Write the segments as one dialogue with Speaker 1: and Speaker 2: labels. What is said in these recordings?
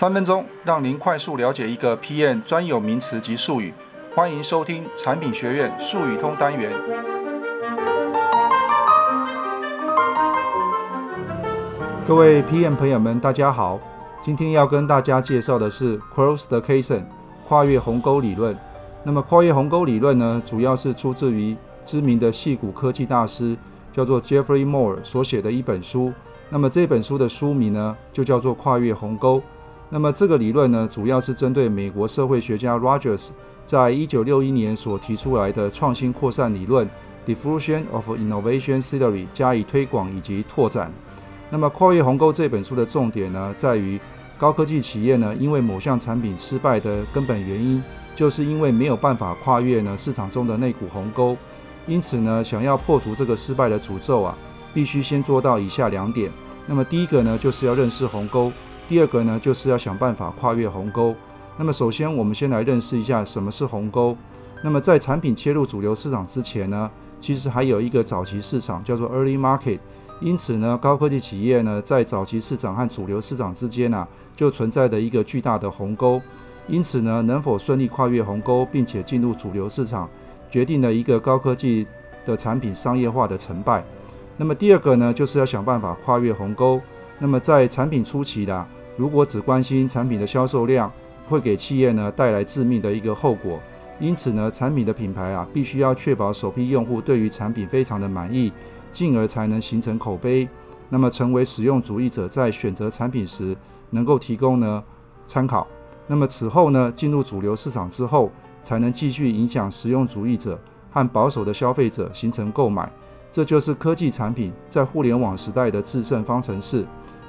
Speaker 1: 三分鐘讓您快速了解一個 PM 專有名詞及術語，歡迎收聽產品學院術語通單元。各位 PM 朋友們，大家好！今天要跟大家介紹的是 Crossing the Chasm 跨越鴻溝理論。那麼跨越鴻溝理論呢，主要是出自於知名的矽谷科技大師，叫做 Geoffrey Moore 所寫的一本書。那麼這本書的書名呢，就叫做跨越鴻溝。那麼這個理論呢，主要是針對美國社會學家 Rogers 在一九六一年所提出來的創新擴散理論 （Diffusion of Innovation Theory） 加以推廣以及拓展。那麼《跨越鴻溝》這本書的重點呢，在於高科技企業呢，因為某項產品失敗的根本原因，就是因為沒有辦法跨越呢市場中的那股鴻溝。因此呢，想要破除這個失敗的詛咒啊，必須先做到以下兩點。那麼第一個呢，就是要認識鴻溝。第二個呢，就是要想辦法跨越鴻溝。那麼，首先我們先來認識一下什麼是鴻溝。那麼，在產品切入主流市場之前呢，其實還有一個早期市場叫做 early market。因此呢，高科技企業呢，在早期市場和主流市場之間呢、啊，就存在着一個巨大的鴻溝。因此呢，能否順利跨越鴻溝，並且進入主流市場，決定了一個高科技的產品商業化的成敗。那麼，第二個呢，就是要想辦法跨越鴻溝。那麼，在產品初期的、啊如果只關心產品的銷售量，會給企業呢帶來致命的一個後果。因此呢，產品的品牌啊，必須要確保首批用戶對於產品非常的滿意，進而才能形成口碑，那麼成為實用主義者在選擇產品時能夠提供呢參考。那麼此後呢，進入主流市場之後，才能繼續影響實用主義者和保守的消費者形成購買。這就是科技產品在互聯網時代的制勝方程式。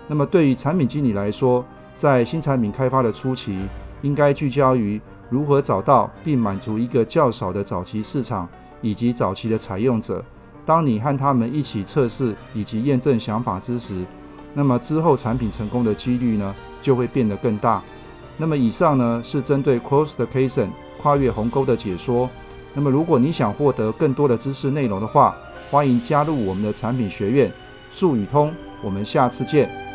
Speaker 1: 那麼對於產品經理來說，在新產品開發的初期，應該聚焦於如何找到並滿足一個較少的早期市場以及早期的採用者。當你和他們一起測試以及驗證想法之時，那麼之後產品成功的幾率呢就會變得更大。那麼以上呢是針對 Crossing the Chasm 跨越鴻溝的解說。那麼如果你想獲得更多的知識內容的話，歡迎加入我們的產品學院術語通。我們下次見。